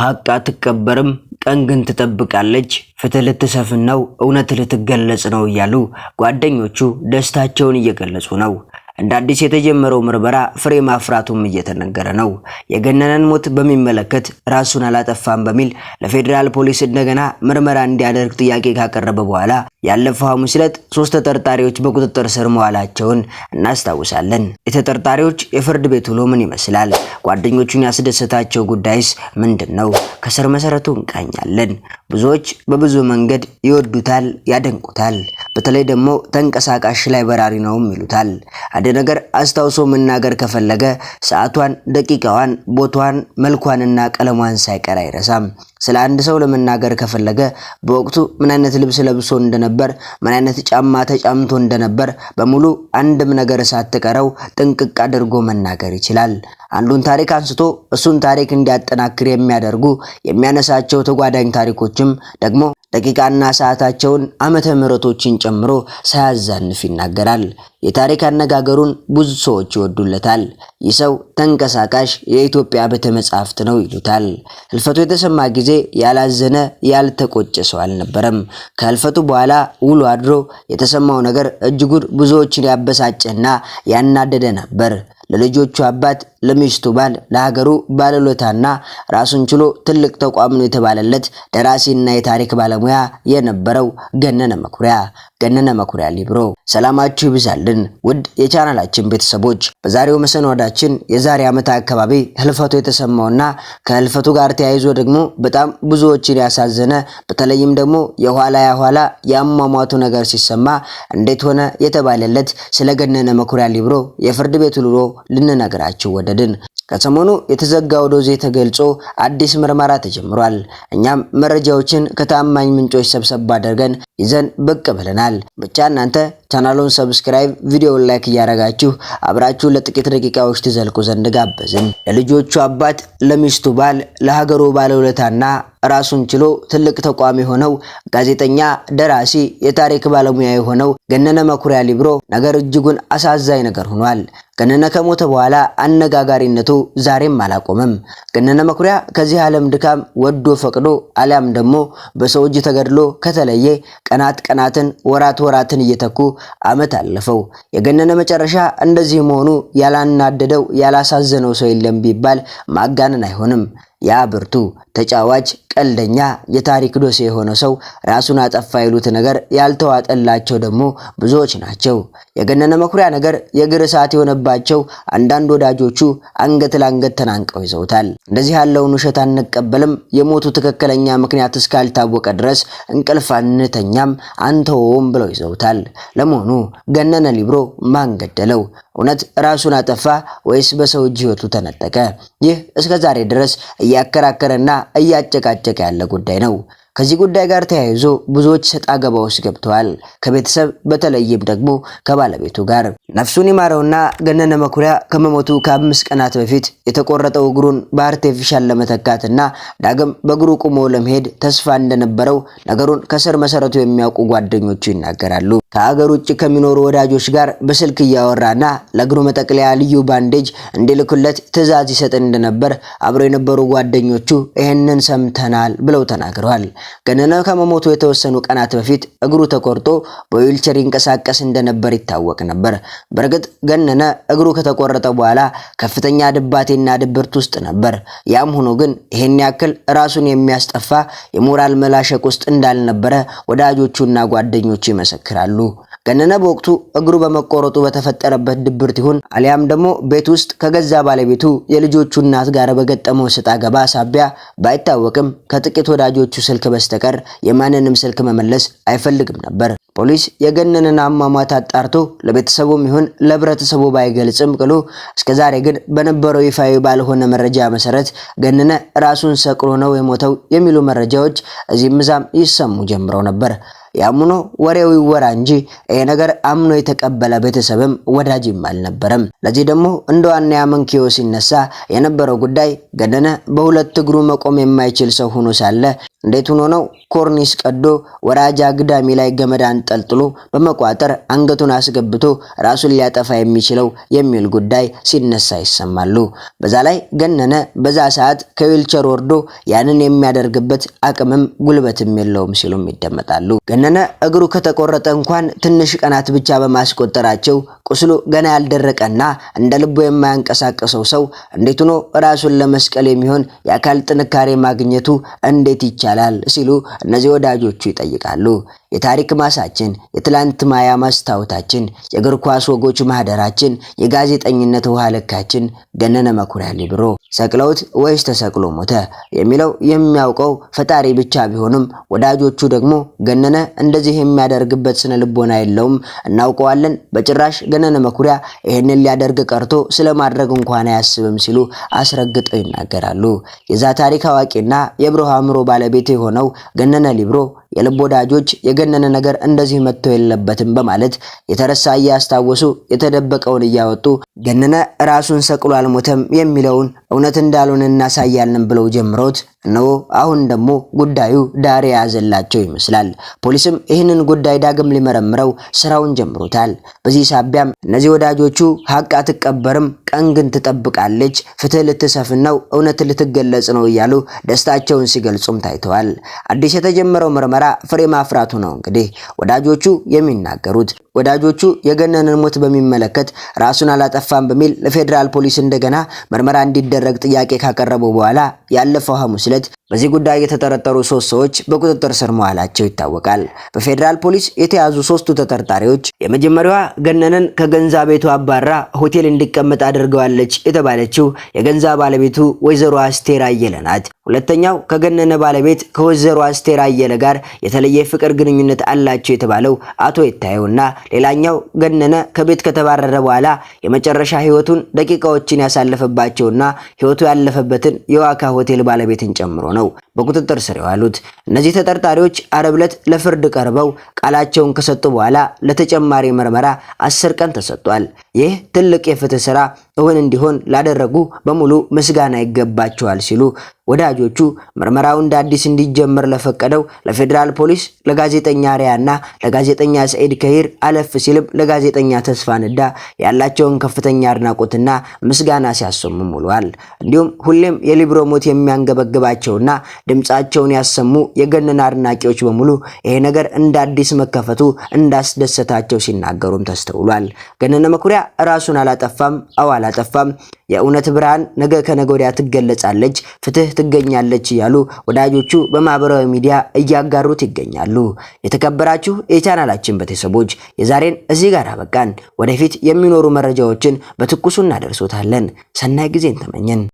ሐቅ አትቀበርም፣ ቀን ግን ትጠብቃለች፣ ፍትህ ልትሰፍን ነው፣ እውነት ልትገለጽ ነው እያሉ ጓደኞቹ ደስታቸውን እየገለጹ ነው። እንደ አዲስ የተጀመረው ምርመራ ፍሬ ማፍራቱም እየተነገረ ነው። የገነነን ሞት በሚመለከት ራሱን አላጠፋም በሚል ለፌዴራል ፖሊስ እንደገና ምርመራ እንዲያደርግ ጥያቄ ካቀረበ በኋላ ያለፈው ሐሙስ ዕለት ሶስት ተጠርጣሪዎች በቁጥጥር ስር መዋላቸውን እናስታውሳለን። የተጠርጣሪዎች የፍርድ ቤት ውሎ ምን ይመስላል? ጓደኞቹን ያስደሰታቸው ጉዳይስ ምንድን ነው? ከስር መሰረቱ እንቃኛለን። ብዙዎች በብዙ መንገድ ይወዱታል፣ ያደንቁታል። በተለይ ደግሞ ተንቀሳቃሽ ላይ በራሪ ነውም ይሉታል። አንድ ነገር አስታውሶ መናገር ከፈለገ ሰዓቷን፣ ደቂቃዋን፣ ቦታዋን፣ መልኳንና ቀለሟን ሳይቀር አይረሳም። ስለ አንድ ሰው ለመናገር ከፈለገ በወቅቱ ምን አይነት ልብስ ለብሶ እንደነበር፣ ምን አይነት ጫማ ተጫምቶ እንደነበር በሙሉ አንድም ነገር ሳትቀረው ጥንቅቅ አድርጎ መናገር ይችላል። አንዱን ታሪክ አንስቶ እሱን ታሪክ እንዲያጠናክር የሚያደርጉ የሚያነሳቸው ተጓዳኝ ታሪኮችም ደግሞ ደቂቃና ሰዓታቸውን ዓመተ ምሕረቶችን ጨምሮ ሳያዛንፍ ይናገራል። የታሪክ አነጋገሩን ብዙ ሰዎች ይወዱለታል። ይህ ሰው ተንቀሳቃሽ የኢትዮጵያ ቤተ መጻሕፍት ነው ይሉታል። ህልፈቱ የተሰማ ጊዜ ያላዘነ ያልተቆጨ ሰው አልነበረም። ከህልፈቱ በኋላ ውሎ አድሮ የተሰማው ነገር እጅጉን ብዙዎችን ያበሳጨና ያናደደ ነበር። ለልጆቹ አባት፣ ለሚስቱ ባል፣ ለሀገሩ ባለሎታና ራሱን ችሎ ትልቅ ተቋም ነው የተባለለት ደራሲና የታሪክ ባለሙያ የነበረው ገነነ መኩሪያ ገነነ መኩሪያ ሊብሮ። ሰላማችሁ ይብዛልን ውድ የቻናላችን ቤተሰቦች፣ በዛሬው መሰናዷችን የዛሬ ዓመት አካባቢ ህልፈቱ የተሰማውና ከህልፈቱ ጋር ተያይዞ ደግሞ በጣም ብዙዎችን ያሳዘነ በተለይም ደግሞ የኋላ ያኋላ የአሟሟቱ ነገር ሲሰማ እንዴት ሆነ የተባለለት ስለ ገነነ መኩሪያ ሊብሮ የፍርድ ቤቱ ውሎ ልንነግራችሁ ወደድን። ከሰሞኑ የተዘጋው ዶዜ ተገልጾ አዲስ ምርመራ ተጀምሯል። እኛም መረጃዎችን ከታማኝ ምንጮች ሰብሰብ አድርገን ይዘን ብቅ ብለናል። ብቻ እናንተ ቻናሉን ሰብስክራይብ፣ ቪዲዮውን ላይክ እያደረጋችሁ አብራችሁ ለጥቂት ደቂቃዎች ትዘልቁ ዘንድ ጋበዝን። ለልጆቹ አባት፣ ለሚስቱ ባል፣ ለሀገሩ ባለውለታና ራሱን ችሎ ትልቅ ተቋም የሆነው ጋዜጠኛ፣ ደራሲ፣ የታሪክ ባለሙያ የሆነው ገነነ መኩሪያ ሊብሮ ነገር እጅጉን አሳዛኝ ነገር ሆኗል። ገነነ ከሞተ በኋላ አነጋጋሪነቱ ዛሬም አላቆመም። ገነነ መኩሪያ ከዚህ ዓለም ድካም ወዶ ፈቅዶ አሊያም ደግሞ በሰው እጅ ተገድሎ ከተለየ ቀናት ቀናትን ወራት ወራትን እየተኩ ዓመት አለፈው። የገነነ መጨረሻ እንደዚህ መሆኑ ያላናደደው ያላሳዘነው ሰው የለም ቢባል ማጋነን አይሆንም። ያ ብርቱ ተጫዋች፣ ቀልደኛ፣ የታሪክ ዶሴ የሆነ ሰው ራሱን አጠፋ ይሉት ነገር ያልተዋጠላቸው ደግሞ ብዙዎች ናቸው። የገነነ መኩሪያ ነገር የእግር እሳት የሆነባቸው አንዳንድ ወዳጆቹ አንገት ለአንገት ተናንቀው ይዘውታል። እንደዚህ ያለውን ውሸት አንቀበልም፣ የሞቱ ትክክለኛ ምክንያት እስካልታወቀ ድረስ እንቅልፍ አንተኛም፣ አንተውም ብለው ይዘውታል። ለመሆኑ ገነነ ሊብሮ ማን ገደለው? እውነት ራሱን አጠፋ ወይስ በሰው እጅ ህይወቱ ተነጠቀ? ይህ እስከ ዛሬ ድረስ እያከራከረና እያጨቃጨቀ ያለ ጉዳይ ነው። ከዚህ ጉዳይ ጋር ተያይዞ ብዙዎች ሰጣ ገባ ውስጥ ገብተዋል። ከቤተሰብ በተለይም ደግሞ ከባለቤቱ ጋር ነፍሱን ይማረውና ገነነ መኩሪያ ከመሞቱ ከአምስት ቀናት በፊት የተቆረጠው እግሩን በአርቴፊሻል ለመተካትና ዳግም በእግሩ ቁሞ ለመሄድ ተስፋ እንደነበረው ነገሩን ከስር መሰረቱ የሚያውቁ ጓደኞቹ ይናገራሉ። ከአገር ውጭ ከሚኖሩ ወዳጆች ጋር በስልክ እያወራና ለእግሩ መጠቅለያ ልዩ ባንዴጅ እንዲልኩለት ትዕዛዝ ይሰጥ እንደነበር አብረው የነበሩ ጓደኞቹ ይህንን ሰምተናል ብለው ተናግረዋል። ገነነ ከመሞቱ የተወሰኑ ቀናት በፊት እግሩ ተቆርጦ በዊልቸር ይንቀሳቀስ እንደነበር ይታወቅ ነበር። በእርግጥ ገነነ እግሩ ከተቆረጠ በኋላ ከፍተኛ ድባቴና ድብርት ውስጥ ነበር። ያም ሆኖ ግን ይህን ያክል ራሱን የሚያስጠፋ የሞራል መላሸቅ ውስጥ እንዳልነበረ ወዳጆቹና ጓደኞቹ ይመሰክራሉ። ገነነ በወቅቱ እግሩ በመቆረጡ በተፈጠረበት ድብርት ይሁን አሊያም ደግሞ ቤት ውስጥ ከገዛ ባለቤቱ የልጆቹ እናት ጋር በገጠመው ስጣ ገባ ሳቢያ ባይታወቅም ከጥቂት ወዳጆቹ ስልክ በስተቀር የማንንም ስልክ መመለስ አይፈልግም ነበር። ፖሊስ የገነነን አሟሟት አጣርቶ ለቤተሰቡም ይሁን ለህብረተሰቡ ባይገልጽም ቅሉ እስከዛሬ ግን በነበረው ይፋዊ ባልሆነ መረጃ መሰረት ገነነ ራሱን ሰቅሎ ነው የሞተው የሚሉ መረጃዎች እዚህም እዛም ይሰሙ ጀምረው ነበር። ያምኖ ወሬው ይወራ እንጂ ይሄ ነገር አምኖ የተቀበለ ቤተሰብም ወዳጅም አልነበረም። ለዚህ ደግሞ እንደ ዋና ያመንኪዮ ሲነሳ የነበረው ጉዳይ ገነነ በሁለት እግሩ መቆም የማይችል ሰው ሆኖ ሳለ እንዴት ሆኖ ነው ኮርኒስ ቀዶ ወራጅ አግዳሚ ላይ ገመድ አንጠልጥሎ በመቋጠር አንገቱን አስገብቶ ራሱን ሊያጠፋ የሚችለው የሚል ጉዳይ ሲነሳ ይሰማሉ። በዛ ላይ ገነነ በዛ ሰዓት ከዊልቸር ወርዶ ያንን የሚያደርግበት አቅምም ጉልበትም የለውም ሲሉም ይደመጣሉ። አመነ እግሩ ከተቆረጠ እንኳን ትንሽ ቀናት ብቻ በማስቆጠራቸው ቁስሉ ገና ያልደረቀና እንደ ልቡ የማያንቀሳቀሰው ሰው እንዴት ሆኖ ራሱን ለመስቀል የሚሆን የአካል ጥንካሬ ማግኘቱ እንዴት ይቻላል ሲሉ እነዚህ ወዳጆቹ ይጠይቃሉ። የታሪክ ማሳችን፣ የትላንት ማያ ማስታወታችን፣ የእግር ኳስ ወጎች ማህደራችን፣ የጋዜጠኝነት ውሃ ልካችን ገነነ መኩሪያ ሊብሮ ሰቅለውት ወይስ ተሰቅሎ ሞተ የሚለው የሚያውቀው ፈጣሪ ብቻ ቢሆንም ወዳጆቹ ደግሞ ገነነ እንደዚህ የሚያደርግበት ስነ ልቦና የለውም፣ እናውቀዋለን፣ በጭራሽ ገነነ መኩሪያ ይህንን ሊያደርግ ቀርቶ ስለማድረግ እንኳን አያስብም ሲሉ አስረግጠው ይናገራሉ። የዛ ታሪክ አዋቂና የብርሃ አእምሮ ባለቤት የሆነው ገነነ ሊብሮ የልብ ወዳጆች የገነነ ነገር እንደዚህ መጥቶ የለበትም በማለት የተረሳ እያስታወሱ የተደበቀውን እያወጡ ገነነ ራሱን ሰቅሎ አልሞተም የሚለውን እውነት እንዳልሆነ እናሳያለን ብለው ጀምሮት እነሆ አሁን ደግሞ ጉዳዩ ዳር የያዘላቸው ይመስላል። ፖሊስም ይህንን ጉዳይ ዳግም ሊመረምረው ስራውን ጀምሮታል። በዚህ ሳቢያም እነዚህ ወዳጆቹ ሀቅ አትቀበርም፣ ቀን ግን ትጠብቃለች፣ ፍትህ ልትሰፍን ነው፣ እውነት ልትገለጽ ነው እያሉ ደስታቸውን ሲገልጹም ታይተዋል። አዲስ የተጀመረው ምርመራ በጋራ ፍሬ ማፍራቱ ነው እንግዲህ ወዳጆቹ የሚናገሩት። ወዳጆቹ የገነንን ሞት በሚመለከት ራሱን አላጠፋም በሚል ለፌዴራል ፖሊስ እንደገና ምርመራ እንዲደረግ ጥያቄ ካቀረቡ በኋላ ያለፈው ሐሙስ ዕለት በዚህ ጉዳይ የተጠረጠሩ ሶስት ሰዎች በቁጥጥር ስር መዋላቸው ይታወቃል። በፌዴራል ፖሊስ የተያዙ ሶስቱ ተጠርጣሪዎች የመጀመሪያዋ ገነነን ከገንዛ ቤቱ አባራ ሆቴል እንዲቀመጥ አድርገዋለች የተባለችው የገንዛ ባለቤቱ ወይዘሮ አስቴር አየለ ናት። ሁለተኛው ከገነነ ባለቤት ከወይዘሮ አስቴር አየለ ጋር የተለየ ፍቅር ግንኙነት አላቸው የተባለው አቶ የታየውና ሌላኛው ገነነ ከቤት ከተባረረ በኋላ የመጨረሻ ህይወቱን ደቂቃዎችን ያሳለፈባቸውና ህይወቱ ያለፈበትን የዋካ ሆቴል ባለቤትን ጨምሮ ነው በቁጥጥር ስር የዋሉት እነዚህ ተጠርጣሪዎች አረብለት ዕለት ለፍርድ ቀርበው ቃላቸውን ከሰጡ በኋላ ለተጨማሪ ምርመራ አስር ቀን ተሰጥቷል። ይህ ትልቅ የፍትህ ስራ እውን እንዲሆን ላደረጉ በሙሉ ምስጋና ይገባቸዋል ሲሉ ወዳጆቹ ምርመራው እንደ አዲስ እንዲጀመር ለፈቀደው ለፌዴራል ፖሊስ፣ ለጋዜጠኛ ሪያና ለጋዜጠኛ ሰኢድ ከሂር አለፍ ሲልም ለጋዜጠኛ ተስፋ ነዳ ያላቸውን ከፍተኛ አድናቆትና ምስጋና ሲያሰሙም ውሏል። እንዲሁም ሁሌም የሊብሮ ሞት የሚያንገበግባቸውና ድምፃቸውን ያሰሙ የገነን አድናቂዎች በሙሉ ይሄ ነገር እንደ አዲስ መከፈቱ እንዳስደሰታቸው ሲናገሩም ተስተውሏል። ገነነ መኩሪያ ራሱን አላጠፋም፣ አው አላጠፋም፣ የእውነት ብርሃን ነገ ከነገ ወዲያ ትገለጻለች፣ ፍትህ ትገኛለች እያሉ ወዳጆቹ በማህበራዊ ሚዲያ እያጋሩት ይገኛሉ። የተከበራችሁ የቻናላችን ቤተሰቦች የዛሬን እዚህ ጋር አበቃን። ወደፊት የሚኖሩ መረጃዎችን በትኩሱ እናደርሶታለን። ሰናይ ጊዜን ተመኘን።